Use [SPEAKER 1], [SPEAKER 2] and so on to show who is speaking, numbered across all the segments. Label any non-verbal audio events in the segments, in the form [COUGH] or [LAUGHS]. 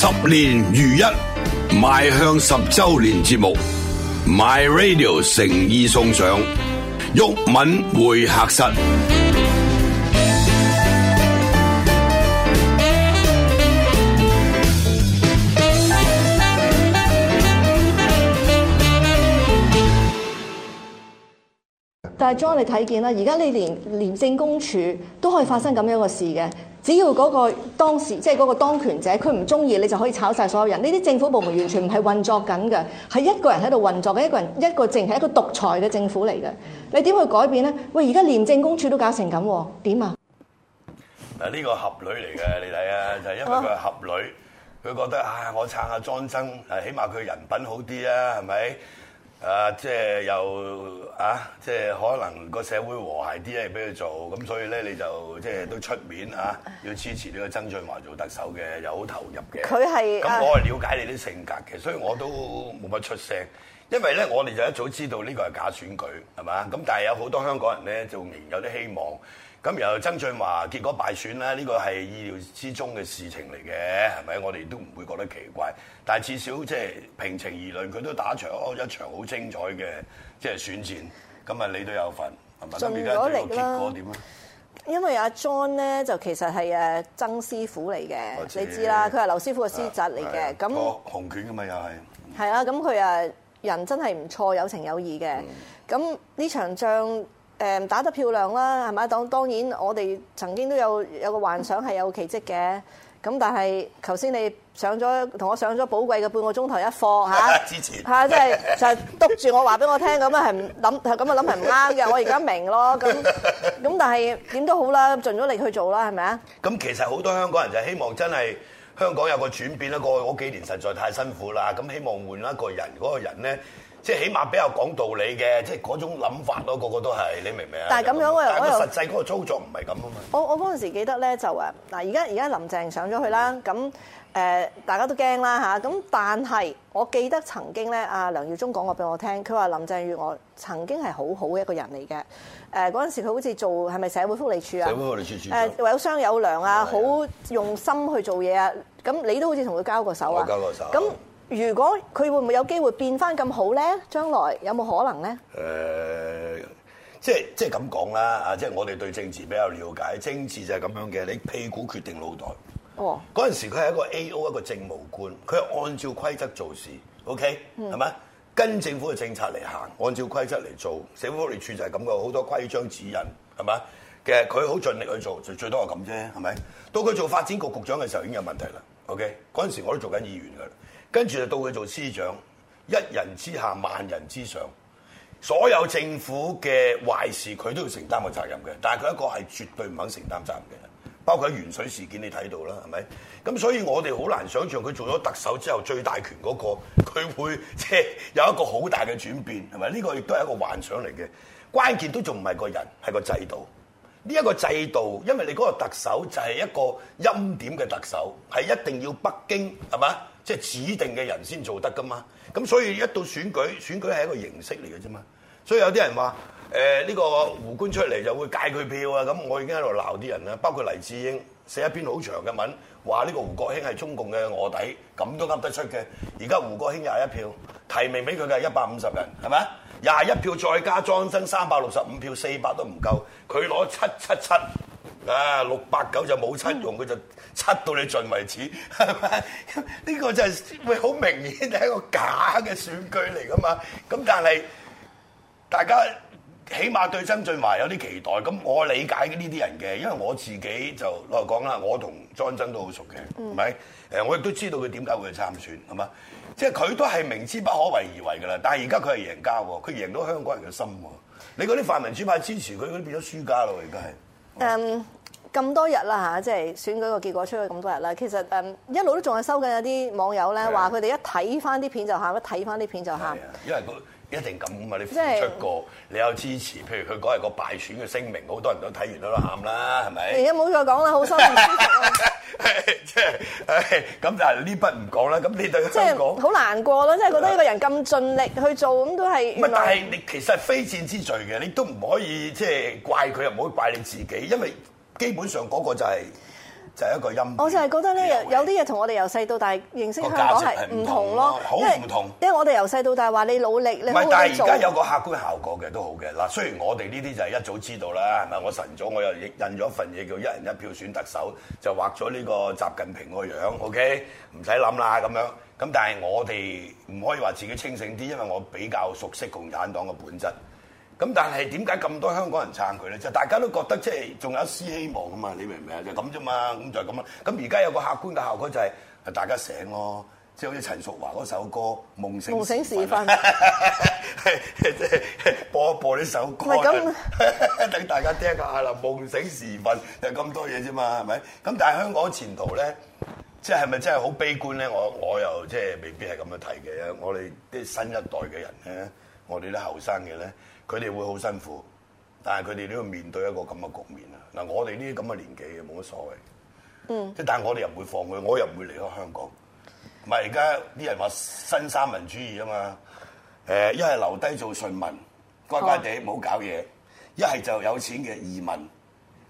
[SPEAKER 1] 十年如一，邁向十周年節目，My Radio 誠意送上。毓民會客室。
[SPEAKER 2] 但係，終於你睇見啦，而家你連廉政公署都可以發生咁樣嘅事嘅。只要嗰個當時即係嗰個當權者，佢唔中意，你就可以炒晒所有人。呢啲政府部門完全唔係運作緊嘅，係一個人喺度運作嘅，一個人一個淨係一個獨裁嘅政府嚟嘅。你點去改變咧？喂，而家廉政公署都搞成咁，點啊？
[SPEAKER 1] 嗱、啊，呢、呢個俠女嚟嘅，你睇啊， [LAUGHS] 就係因為佢係俠女，佢覺得啊，我撐下莊生，誒，起碼佢人品好啲啊，係咪？啊，即係又啊，即係可能個社會和諧啲咧，俾佢做，咁所以咧你就即係都出面啊，要支持呢個曾俊華做特首嘅，又好投入嘅。佢係，咁我係了解你啲性格嘅，所以我都冇乜出聲，因為咧我哋就一早知道呢個係假選舉，係嘛？咁但係有好多香港人咧，就仍然有啲希望。咁由曾俊華結果敗選呢，呢個係意料之中嘅事情嚟嘅，係咪？我哋都唔會覺得奇怪。但至少即係平情而論，佢都打場一場好精彩嘅即係選戰。咁啊，你都有份係咪？咁而家最後結果點啊？
[SPEAKER 2] 因為阿 John 咧就其實係誒曾師傅嚟嘅，你知啦，佢係劉師傅嘅師侄嚟嘅。咁
[SPEAKER 1] 紅拳咁嘛，又
[SPEAKER 2] 係係啊！咁佢啊人真係唔錯，有情有義嘅。咁呢場仗，誒打得漂亮啦，係咪？當當然，我哋曾經都有有個幻想係有奇蹟嘅。咁但係，頭先你上咗同我上咗寶貴嘅半個鐘頭一課吓，支
[SPEAKER 1] 持吓，即係就
[SPEAKER 2] 督住我話俾我聽，咁啊係唔諗係咁啊諗係唔啱嘅。我而家明咯，咁咁但係點都好啦，盡咗力去做啦，係咪啊？
[SPEAKER 1] 咁其實好多香港人就希望真係香港有個轉變啦。過去嗰幾年實在太辛苦啦。咁希望換一個人，嗰個人咧。即係起碼比較講道理嘅，即係嗰種諗法咯，個個都係，你明唔明啊？但係咁樣我又，但係實際嗰個操作唔係咁啊嘛。
[SPEAKER 2] 我我嗰陣時記得咧就誒嗱，而家而家林鄭上咗去啦，咁誒、呃、大家都驚啦嚇，咁但係我記得曾經咧，阿梁耀忠講過俾我聽，佢話林鄭月娥曾經係好好嘅一個人嚟嘅。誒嗰陣時佢好似做係咪社會福利處啊？社會福利處處長。誒有商有量啊，好用心去做嘢啊，咁你都好似同佢交過手啊？交過手。咁。如果佢會唔會有機會變翻咁好咧？將來有冇可能咧？
[SPEAKER 1] 誒、呃，即係即係咁講啦，啊、就是，即、就、係、是、我哋對政治比較了解，政治就係咁樣嘅，你屁股決定腦袋。哦，嗰陣時佢係一個 A O 一個政務官，佢係按照規則做事，OK，係、嗯、咪？跟政府嘅政策嚟行，按照規則嚟做，社會福利處就係咁嘅，好多規章指引，係咪？其實佢好盡力去做，就最多係咁啫，係咪？到佢做發展局局長嘅時候已經有問題啦，OK，嗰陣時我都做緊議員噶。跟住就到佢做司長，一人之下萬人之上，所有政府嘅壞事佢都要承擔個責任嘅。但係佢一個係絕對唔肯承擔責任嘅，包括喺鉛水事件你睇到啦，係咪？咁所以我哋好難想象佢做咗特首之後最大權嗰，那個，佢會即係有一個好大嘅轉變，係咪？呢，這個亦都係一個幻想嚟嘅。關鍵都仲唔係個人，係個制度。呢、這、一個制度，因為你嗰個特首就係一個欽點嘅特首，係一定要北京係嘛？即係指定嘅人先做得噶嘛，咁所以一到選舉，選舉係一個形式嚟嘅啫嘛。所以有啲人話誒，呢個胡官出嚟就會戒佢票啊，咁我已經喺度鬧啲人啦。包括黎智英寫一篇好長嘅文，話呢個胡國興係中共嘅卧底，咁都噏得出嘅。而家胡國興廿一票，提名俾佢嘅一百五十人，係咪？廿一票再加莊生三百六十五票，四百都唔夠，佢攞七七七。啊，六八九就冇七用，佢、嗯、就七到你盡為止，係嘛？呢、呢個就係會好明顯係一個假嘅選舉嚟噶嘛。咁但係大家起碼對曾俊華有啲期待。咁我理解呢啲人嘅，因為我自己就嚟講啦，我同莊真都好熟嘅，係咪？誒，我亦都、嗯、我亦都知道佢點解會去參選，係嘛？即係佢都係明知不可為而為噶啦。但係而家佢係贏家喎，佢贏到香港人嘅心喎。你嗰啲泛民主派支持佢嗰啲變咗輸家咯，而家係。嗯，
[SPEAKER 2] 嗯。咁多日啦吓，即係選舉個結果出去咁多日啦。其實誒、嗯、一路都仲係收緊有啲網友咧，話佢哋一睇翻啲片就喊、啊，一睇翻啲片就喊、啊。
[SPEAKER 1] 因為佢一定咁啊，你付出過、就是，你有支持。譬如佢講係個敗選嘅聲明，好多人都睇完都都喊啦，係咪？而家
[SPEAKER 2] 冇再講啦，好心唔舒服。即
[SPEAKER 1] 係咁但係呢筆唔講啦。咁你對佢即係
[SPEAKER 2] 好難過咯，即係覺得呢個人咁盡力去做，咁都係唔係？但係
[SPEAKER 1] 你其實非戰之罪嘅，你都唔可以即係、就是、怪佢，又唔可以怪你自己，因為。基本上嗰、那個就係、是、就係、是、一個陰謀，我就
[SPEAKER 2] 係覺得呢有啲嘢同我哋由細到大認識嘅價值係唔同咯，好唔同，同。因為我哋由細到大話你努力，不你唔係，但係而家有
[SPEAKER 1] 個客觀效果嘅都好嘅啦。雖然我哋呢啲就係一早知道啦，係咪？我晨早我又印印咗份嘢叫一人一票選特首，就畫咗呢個習近平個樣，OK？唔使諗啦咁樣。咁但係我哋唔可以話自己清醒啲，因為我比較熟悉共產黨嘅本質。咁但係點解咁多香港人撐佢咧？就是、大家都覺得即係仲有一絲希望啊嘛！你明唔明啊？就咁啫嘛！咁就係咁啊！咁而家有個客觀嘅效果就係、是，大家醒咯！即、就、係、是、好似陳淑樺嗰首歌《夢醒
[SPEAKER 2] 時分》，
[SPEAKER 1] 即係播一播呢首歌，等 [LAUGHS] 大家聽下啦。夢醒時分就咁、是、多嘢啫嘛，係咪？咁但係香港前途咧，即係係咪真係好悲觀咧？我我又即係未必係咁樣睇嘅。我哋啲新一代嘅人咧，我哋啲後生嘅咧。佢哋會好辛苦，但係佢哋都要面對一個咁嘅局面啊！嗱，我哋呢啲咁嘅年紀冇乜所謂，嗯，即係但我哋又唔會放佢，我又唔會離開香港。唔係而家啲人話新三民主義啊嘛，誒一係留低做順民，乖乖哋唔好搞嘢；一係就有錢嘅移民，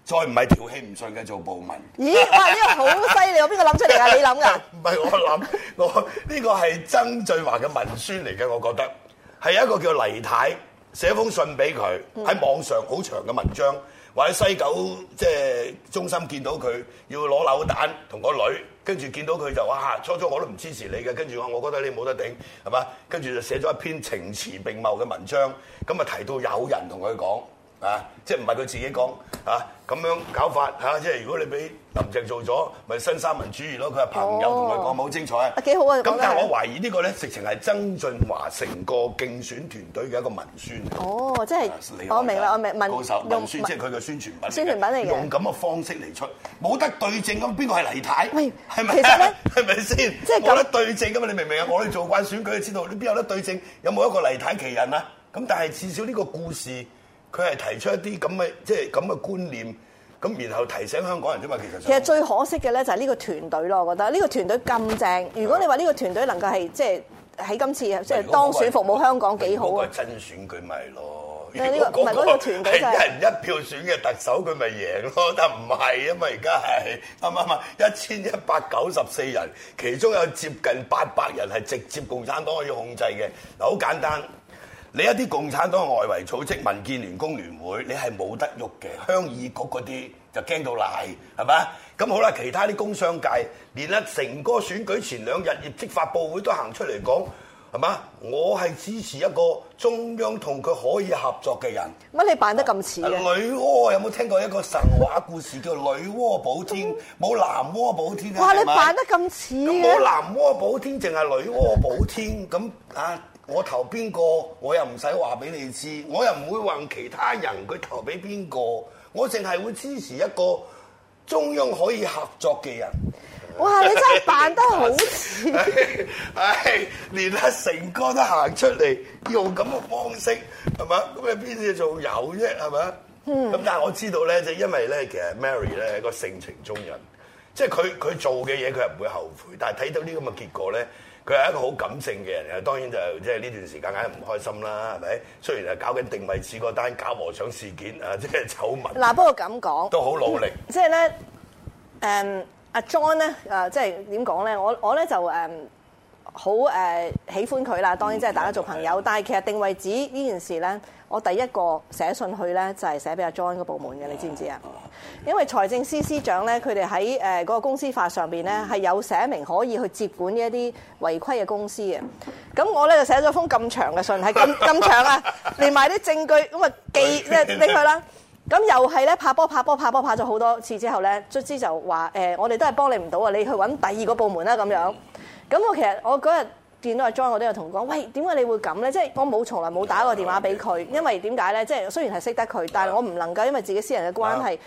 [SPEAKER 1] 再唔係調起唔順嘅做暴民。
[SPEAKER 2] 咦？哇！呢個好犀利，邊個諗
[SPEAKER 1] 出嚟啊？你諗噶？唔係我諗， [LAUGHS] 我呢個係曾俊華嘅文宣嚟嘅，我覺得係一個叫黎太。寫封信俾佢，喺網上好長嘅文章，或者西九即係中心見到佢，要攞扭蛋同個女，跟住見到佢就話、啊，初初我都唔支持你嘅，跟住我我覺得你冇得頂係嘛，跟住就寫咗一篇情詞並茂嘅文章，咁啊提到有人同佢講。啊，即係唔係佢自己講啊？咁樣搞法嚇、啊，即係如果你俾林鄭做咗，咪、就是、新三民主義咯。佢係朋友同佢講，好精彩啊！幾好啊！咁但係我懷疑個呢個咧，直情係曾俊華成個競選團隊嘅一個文宣。哦，
[SPEAKER 2] 即係我明啦，我明白，我明白文、文宣，文宣即係
[SPEAKER 1] 佢嘅宣傳品，宣傳品嚟嘅，用咁嘅方式嚟出，冇得對證咁，邊個係黎太？喂，係咪啊？係咪先？即係冇得對證㗎嘛？你明唔明啊？我哋做慣選舉，知道你邊有得對證？有冇一個黎太奇人啊？咁但係至少呢個故事。佢係提出一啲咁嘅即係咁嘅觀念，咁然後提醒香港人啫嘛。其實、就是、其實最
[SPEAKER 2] 可惜嘅咧就係呢個團隊咯，我覺得呢、這個團隊咁正。如果你話呢個團隊能夠係即係喺今次即係、那個、當選服務香港幾好啊！嗰
[SPEAKER 1] 真選佢咪咯？
[SPEAKER 2] 誒呢、這個唔係嗰個團隊、那個、就係、是、人
[SPEAKER 1] 一票選嘅特首佢咪贏咯？但唔係啊嘛，而家係啱唔啱？一千一百九十四人，其中有接近八百人係直接共產黨可以控制嘅。嗱，好簡單。你一啲共產黨外圍組織，民建聯、工聯會，你係冇得喐嘅，鄉議局嗰啲就驚到賴，係咪？咁好啦，其他啲工商界，連阿成哥選舉前兩日業績發佈會都行出嚟講，係嘛？我係支持一個中央同佢可以合作嘅人。
[SPEAKER 2] 乜你扮得咁似，女
[SPEAKER 1] 媧有冇聽過一個神話故事叫女媧補天？冇 [LAUGHS] 男媧補天啊！哇！你扮得
[SPEAKER 2] 咁似嘅？冇男
[SPEAKER 1] 媧補天，淨係女媧補天。咁啊，我投邊個，我又唔使話俾你知，我又唔會問其他人佢投俾邊個，我淨係會支持一個中央可以合作嘅人。哇！你真係扮得好似，唉、 [LAUGHS] 哎哎，連阿成哥都行出嚟用咁嘅方式，係嘛？咁你邊啲做有啫？係嘛？咁、嗯、但係我知道咧，就因為咧，其實 Mary 咧係個性情中人，即係佢佢做嘅嘢佢係唔會後悔。但係睇到呢咁嘅結果咧，佢係一個好感性嘅人。當然就即係呢段時間梗係唔開心啦，係咪？雖然係搞緊定位似個單搞和尚事件啊，即係醜聞。嗱，
[SPEAKER 2] 不過咁講都好努力。嗯、即係咧，誒、嗯。阿 John 咧，誒即係點講咧？我我咧就誒好誒喜歡佢啦。當然即係大家做朋友，是但係其實定位指呢件事咧，我第一個寫信去咧就係寫俾阿 John 個部門嘅，你知唔知啊？因為財政司司長咧，佢哋喺誒嗰個公司法上邊咧係有寫明可以去接管呢一啲違規嘅公司嘅。咁我咧就寫咗封咁長嘅信，係咁咁長啊，連埋啲證據咁啊寄即係俾佢啦。 [LAUGHS] 咁又係呢，拍波拍波拍波拍咗好多次之後呢，卒之就話：誒、呃，我哋都係幫你唔到啊，你去搵第二個部門啦咁樣。咁我其實我嗰日。見到阿 John，我都有同佢講：喂，點解你會咁咧？即係我冇從來冇打過電話俾佢，嗯、okay, okay, 因為點解咧？即係雖然係識得佢，但係我唔能夠因為自己私人嘅關係、嗯、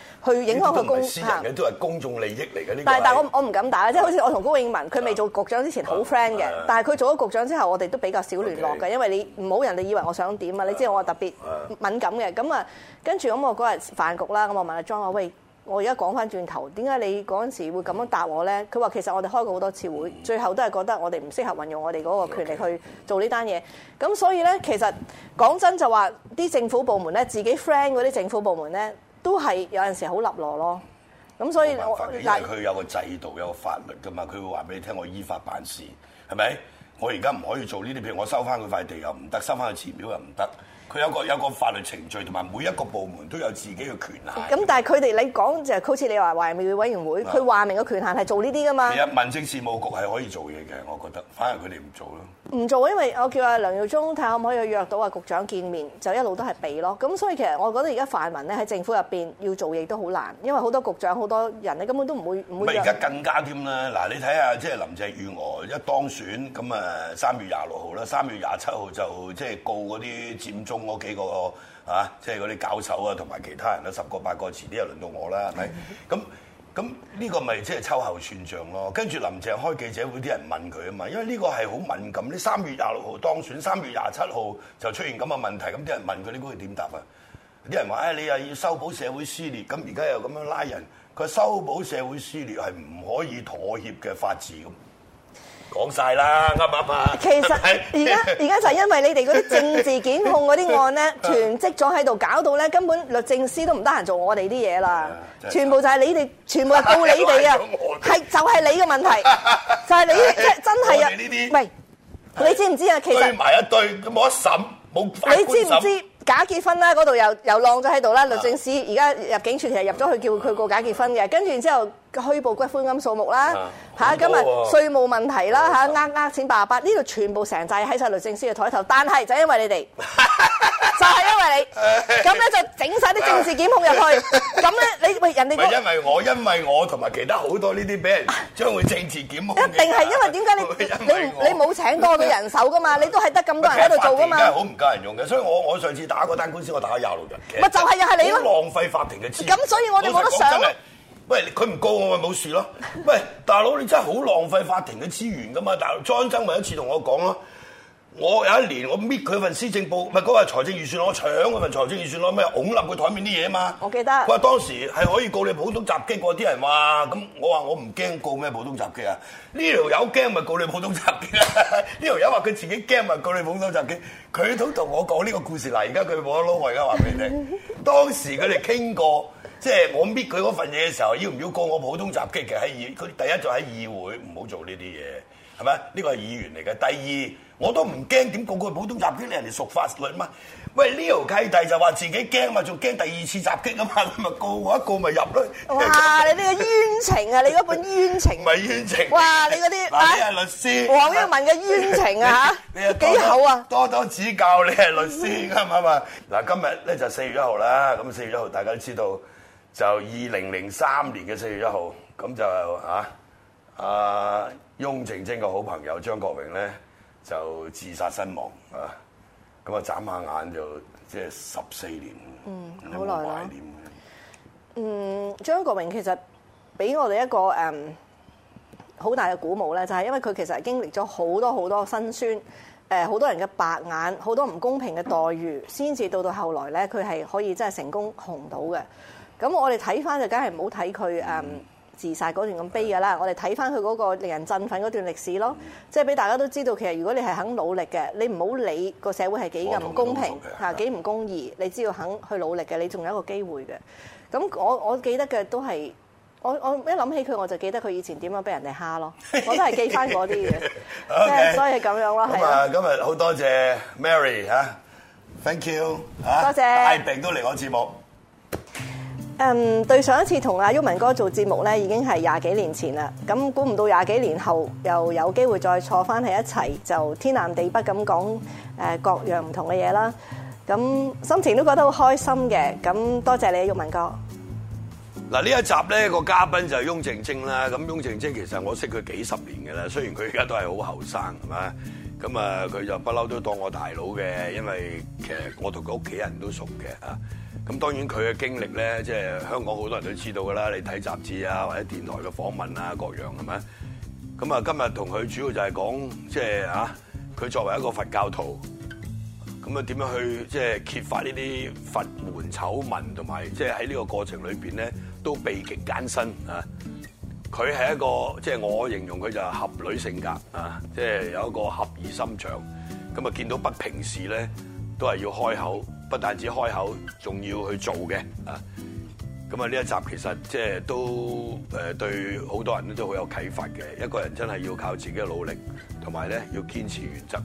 [SPEAKER 2] 去影響佢公嚇。都唔係私人
[SPEAKER 1] 嘅，都係公眾利益嚟嘅呢個。但係但係
[SPEAKER 2] 我我唔敢打，即係好似我同高永文，佢未做局長之前好 friend 嘅、嗯，uh, uh, uh, uh, uh, 但係佢做咗局長之後，我哋都比較少聯絡嘅，okay, 因為你唔好人哋以為我想點啊！你知道我特別敏感嘅，咁啊，跟住咁我嗰日飯局啦，咁我問阿 John 話：喂。我而家講翻轉頭，點解你嗰陣時會咁樣答我咧？佢話其實我哋開過好多次會，最後都係覺得我哋唔適合運用我哋嗰個權力去做呢單嘢。咁、okay. 所以咧，其實講真就話啲政府部門咧，自己 friend 嗰啲政府部門咧，都係有陣時好立落咯。咁所以我冇辦法，因為佢
[SPEAKER 1] 有個制度、有個法律㗎嘛。佢會話俾你聽，我依法辦事係咪？我而家唔可以做呢啲，譬如我收翻佢塊地又唔得，收翻佢祠廟，又唔得。佢有個有個法律程序，同埋每一個部門都有自己嘅權限。咁
[SPEAKER 2] 但係佢哋，你講就係好似你話華人委員會，佢話明嘅權限係做呢啲噶嘛？其實
[SPEAKER 1] 民政事務局係可以做嘢嘅，我覺得，反而佢哋唔做咯。
[SPEAKER 2] 唔做，因為我叫阿梁耀忠睇下可唔可以去約到阿局長見面，就一路都係避咯。咁所以其實我覺得而家泛民咧喺政府入邊要做嘢都好難，因為好多局長好多人咧根本都唔會唔會。咁而家
[SPEAKER 1] 更加添啦！嗱，你睇下即係林鄭月娥一當選咁啊，三月廿六號啦，三月廿七號就即係告嗰啲佔中。我幾個啊，即係嗰啲搞手啊，同埋其他人啦、啊，十個八個，遲啲又輪到我啦，係咪？咁咁呢個咪即係秋後算賬咯。跟住林鄭開記者會，啲人問佢啊嘛，因為呢個係好敏感。你三月廿六號當選，三月廿七號就出現咁嘅問題，咁啲人問佢你估佢點答啊？啲人話：唉、哎，你又要修補社會撕裂，咁而家又咁樣拉人。佢修補社會撕裂係唔可以妥協嘅法治咁。講晒啦，啱唔啱啊？其
[SPEAKER 2] 實而家而家就係因為你哋嗰啲政治檢控嗰啲案咧，囤積咗喺度，搞到咧根本律政司都唔得閒做我哋啲嘢啦。全部就係你哋，全部係告你哋嘅，係 [LAUGHS] 就係了、 [LAUGHS] 就是、你嘅問題， [LAUGHS] 就係是你 [LAUGHS] 就真係啊！你， [LAUGHS] 你知唔知啊？其實埋一
[SPEAKER 1] 堆都冇得審，冇 [LAUGHS] 知唔知
[SPEAKER 2] 假結婚啦，嗰度又又浪咗喺度啦，律政司而家入境處，其實入咗去叫佢告假結婚嘅，跟住然之後虛報骨灰金數目啦，吓、嗯，今日稅務問題啦，吓呃呃錢八八呢度全部成債喺晒律政司嘅台頭，但係就因為你哋。 [LAUGHS] [LAUGHS] 就係因為你，咁 [LAUGHS] 咧就整晒啲政治檢控入去，咁 [LAUGHS] 咧你，喂人哋唔係因為
[SPEAKER 1] 我，因為我同埋其他好多呢啲俾人將佢政治檢控。 [LAUGHS] 一定係因為
[SPEAKER 2] 點解你為你你冇請過嘅人手噶嘛？ [LAUGHS] 你都係得咁多人喺度做噶嘛？真係好
[SPEAKER 1] 唔夠人用嘅，所以我我上次打嗰單官司，我打咗廿六日。嘅、就係。咪就係又係你咯！浪費法庭嘅資源。咁所以我哋冇得想喂，佢 [LAUGHS] 唔告我咪冇事咯？喂，大佬你真係好浪費法庭嘅資源噶嘛？大佬莊生咪一次同我講咯。我有一年我搣佢份施政報，唔係嗰個財政預算案，我搶佢份財政預算攞咩擁立佢台面啲嘢嘛？
[SPEAKER 2] 我記得。佢話
[SPEAKER 1] 當時係可以告你普通襲擊個啲人話？咁我話我唔驚告咩普通襲擊啊？呢條友驚咪告你普通襲擊啦！呢條友話佢自己驚咪、就是、告你普通襲擊，佢都同我講呢個故事嗱。而家佢冇得撈我，而家話俾你聽。當時佢哋傾過，即、就、係、是、我搣佢嗰份嘢嘅時候，要唔要告我普通襲擊嘅喺佢第一就喺議會，唔好做呢啲嘢。係咪？呢個係議員嚟嘅。第二，我都唔驚點個個普通襲擊，你人哋熟法律嘛？喂，呢條契弟就話自己驚嘛，仲驚第二次襲擊啊嘛，咁咪告我一告咪入咯。哇！你呢個冤情啊！你嗰本冤情唔係冤情。哇！你嗰啲嗱，你係律師黃毓民嘅冤情啊！呢一幾口啊？多多指教你係律師，啱唔啱啊？嗱，今日咧就四月一號啦。咁四月一號，大家都知道就二零零三年嘅四月一號，咁就啊。啊，翁靜晶嘅好朋友張國榮咧就自殺身亡啊！咁啊，眨下眼就即係十四年，
[SPEAKER 2] 好耐啦。嗯，張國榮其實俾我哋一個誒好、嗯、大嘅鼓舞咧，就係、是、因為佢其實經歷咗好多好多辛酸，誒、呃、好多人嘅白眼，好多唔公平嘅待遇，先、嗯、至到到後來咧，佢係可以真係成功紅到嘅。咁我哋睇翻就梗係唔好睇佢誒。自殺嗰段咁悲嘅啦，我哋睇翻佢嗰個令人振奮嗰段歷史咯，即係俾大家都知道，其實如果你係肯努力嘅，你唔好理個社會係幾咁唔公平嚇，幾唔公，公義，啊、你只要肯去努力嘅，你仲有一個機會嘅。咁我我記得嘅都係，我我一諗起佢我就記得佢以前點樣俾人哋蝦咯， [LAUGHS] 我都係記翻嗰啲嘅，
[SPEAKER 1] 即、 [LAUGHS] okay，所以咁樣咯。咁啊，今日好多謝 Mary Thank you 多謝，大病都嚟我節目。
[SPEAKER 2] 嗯，對上一次同阿毓民哥做節目咧，已經係廿幾年前啦。咁估唔到廿幾年後又有機會再坐翻喺一齊，就天南地北咁講誒各樣唔同嘅嘢啦。咁心情都覺得好開心嘅。咁多謝你毓民哥。
[SPEAKER 1] 嗱呢一集咧個嘉賓就係翁靜晶啦。咁翁靜晶其實我識佢幾十年嘅啦，雖然佢而家都係好後生，係嘛？咁啊，佢就不嬲都當我大佬嘅，因為其實我同佢屋企人都熟嘅啊。咁當然佢嘅經歷咧，即係香港好多人都知道㗎啦。你睇雜誌啊，或者電台嘅訪問啊，各樣係咪？咁啊，今日同佢主要就係講，即係啊，佢作為一個佛教徒，咁啊點樣去即係揭發呢啲佛門醜聞，同埋即係喺呢個過程裏面咧都備極艱辛啊！佢係一個即係我形容佢就係俠女性格啊，即係有一個俠義心腸，咁啊見到不平事咧，都係要開口，不但止開口，仲要去做嘅啊。咁啊呢一集其實即係都誒對好多人都好有啟發嘅。一個人真係要靠自己嘅努力，同埋咧要堅持原則。